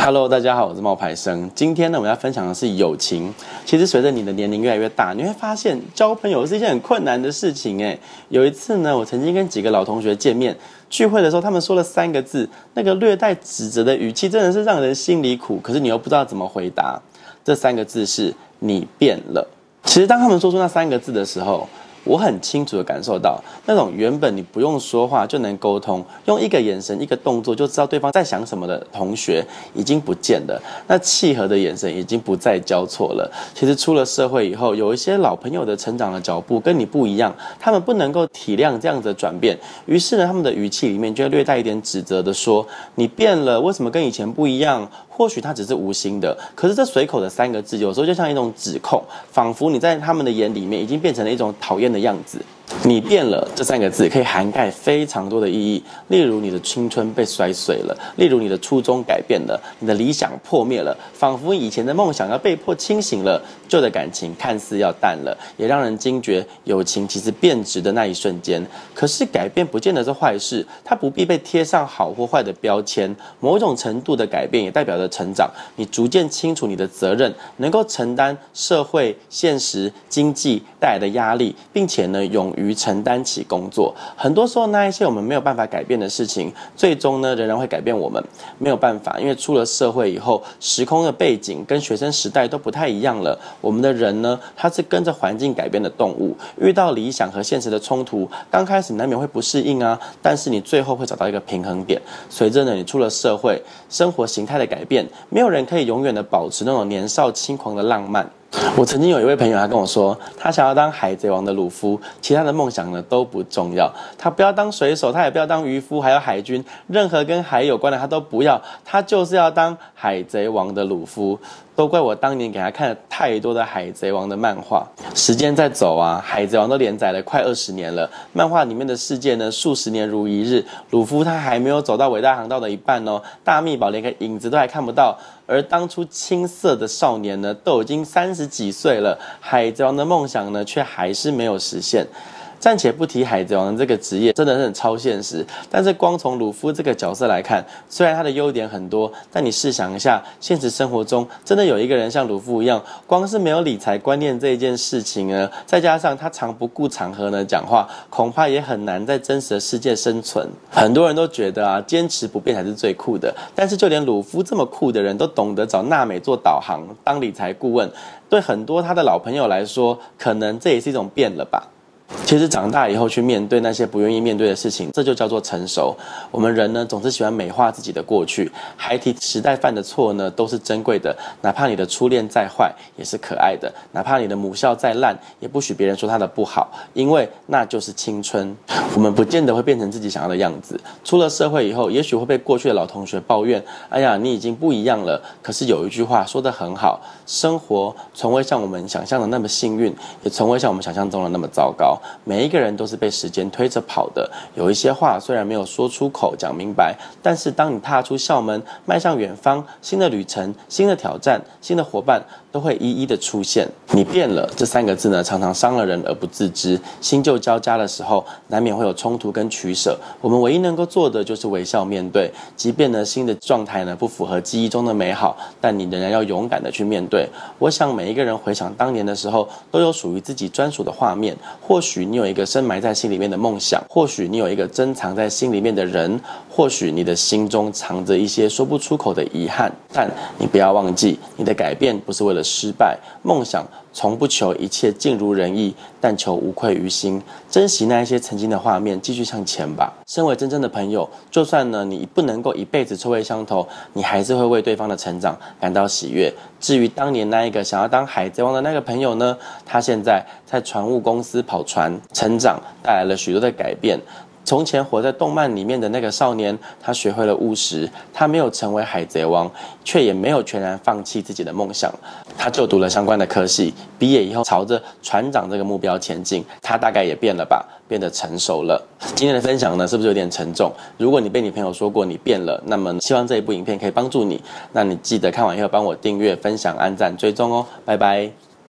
Hello，大家好，我是冒牌生。今天呢，我們要分享的是友情。其實隨着你的年齡越來越大，你會發現交朋友是一件很困難的事情誒，有一次呢，我曾經跟幾個老同學見面聚會的時候，他們說了三個字，那個略帶指責的語氣，真的是讓人心裡苦。可是你又不知道怎麼回答。這三個字是你變了。其實當他們說出那三個字的時候，我很清楚地感受到，那種原本你不用說話就能溝通，用一個眼神、一個動作就知道對方在想什麼的同學已經不見了。那契合的眼神已經不再交錯了。其實出了社會以後，有一些老朋友的成長的腳步跟你不一樣，他們不能夠體諒這樣子的轉變，於是呢，他們的語氣裡面就會略帶一點指責的說：“你變了，為什麼跟以前不一樣？”或許他只是無心的，可是這隨口的三個字，有時候就像一種指控，仿佛你在他們的眼裡面已經變成了一種討厭的。的樣子。你變了，這三個字可以涵蓋非常多的意義，例如你的青春被摔碎了，例如你的初衷改變了，你的理想破滅了，仿佛以前的夢想要被迫清醒了，舊的感情看似要淡了，也讓人驚覺友情其實變質的那一瞬間。可是改變不見得是壞事，它不必被貼上好或壞的標籤。某種程度的改變也代表着成長，你逐漸清楚你的責任，能夠承擔社會、現實、經濟帶來的壓力，並且呢，勇於。承擔起工作，很多時候那一些我們沒有辦法改變的事情，最終呢仍然會改變我們沒有辦法。因為出了社會以後，時空的背景跟學生時代都不太一樣了。我們的人呢，他是跟着環境改變的動物，遇到理想和現實的衝突，剛開始難免會不適應啊，但是你最後會找到一個平衡點。隨着呢，你出了社會，生活形態的改變，沒有人可以永遠的保持那種年少輕狂的浪漫。我曾經有一位朋友，他跟我說，他想要當海賊王的魯夫，其他的夢想呢都不重要。他不要當水手，他也不要當漁夫，還有海軍，任何跟海有關的他都不要，他就是要當海賊王的魯夫。都怪我當年給他看了太多的海賊王的漫畫。時間在走啊，海賊王都連載了快二十年了，漫畫裡面的世界呢，數十年如一日。魯夫他還沒有走到偉大航道的一半哦，大秘寶連個影子都還看不到。而當初青澀的少年呢，都已經三十幾歲了，海賊王的夢想呢，卻還是沒有實現。暫且不提海賊王這個職業真的是很超現實，但是光從魯夫這個角色來看，雖然他的優點很多，但你試想一下，現實生活中真的有一個人像魯夫一樣，光是沒有理財觀念這一件事情呢，再加上他常不顧場合呢講話，恐怕也很難在真實的世界生存。很多人都覺得啊，堅持不變才是最酷的，但是就連魯夫這麼酷的人都懂得找娜美做導航、當理財顧問，對很多他的老朋友來說，可能這也是一種變了吧。其實長大以後去面對那些不願意面對的事情，這就叫做成熟。我們人呢，總是喜歡美化自己的過去。孩提時代犯的錯呢，都是珍貴的。哪怕你的初戀再壞，也是可愛的；哪怕你的母校再爛，也不許別人說他的不好，因為那就是青春。我們不見得會變成自己想要的樣子。出了社會以後，也許會被過去的老同學抱怨：“哎呀，你已經不一樣了。”可是有一句話說得很好：“生活從未像我們想象的那麼幸運，也從未像我們想象中的那麼糟糕。”每一個人都是被時間推着跑的。有一些話雖然沒有說出口、講明白，但是當你踏出校門，邁向遠方，新的旅程、新的挑戰、新的夥伴都會一一的出現。你變了，這三個字呢，常常傷了人而不自知。新舊交加的時候，難免會有衝突跟取捨。我們唯一能夠做的就是微笑面對。即便呢新的狀態呢不符合記憶中的美好，但你仍然要勇敢的去面對。我想每一個人回想當年的時候，都有屬於自己專屬的畫面，或許。你有一個深埋在心裡面的夢想，或許你有一個珍藏在心裡面的人。或許你的心中藏着一些說不出口的遺憾，但你不要忘記，你的改變不是為了失敗。夢想從不求一切盡如人意，但求無愧於心。珍惜那一些曾經的畫面，繼續向前吧。身為真正的朋友，就算呢你不能夠一輩子臭味相投，你還是會為對方的成長感到喜悅。至於當年那一個想要當海賊王的那個朋友呢，他現在在船務公司跑船，成長帶來了許多的改變。從前活在動漫裡面的那個少年，他學會了務實，他沒有成為海賊王，卻也沒有全然放棄自己的夢想。他就讀了相關的科系，畢業以後朝着船長這個目標前進。他大概也變了吧，變得成熟了。今天的分享呢，是不是有點沉重？如果你被你朋友說過你變了，那麼希望這一部影片可以幫助你。那你記得看完以後幫我訂閱、分享、按讚、追蹤哦，拜拜。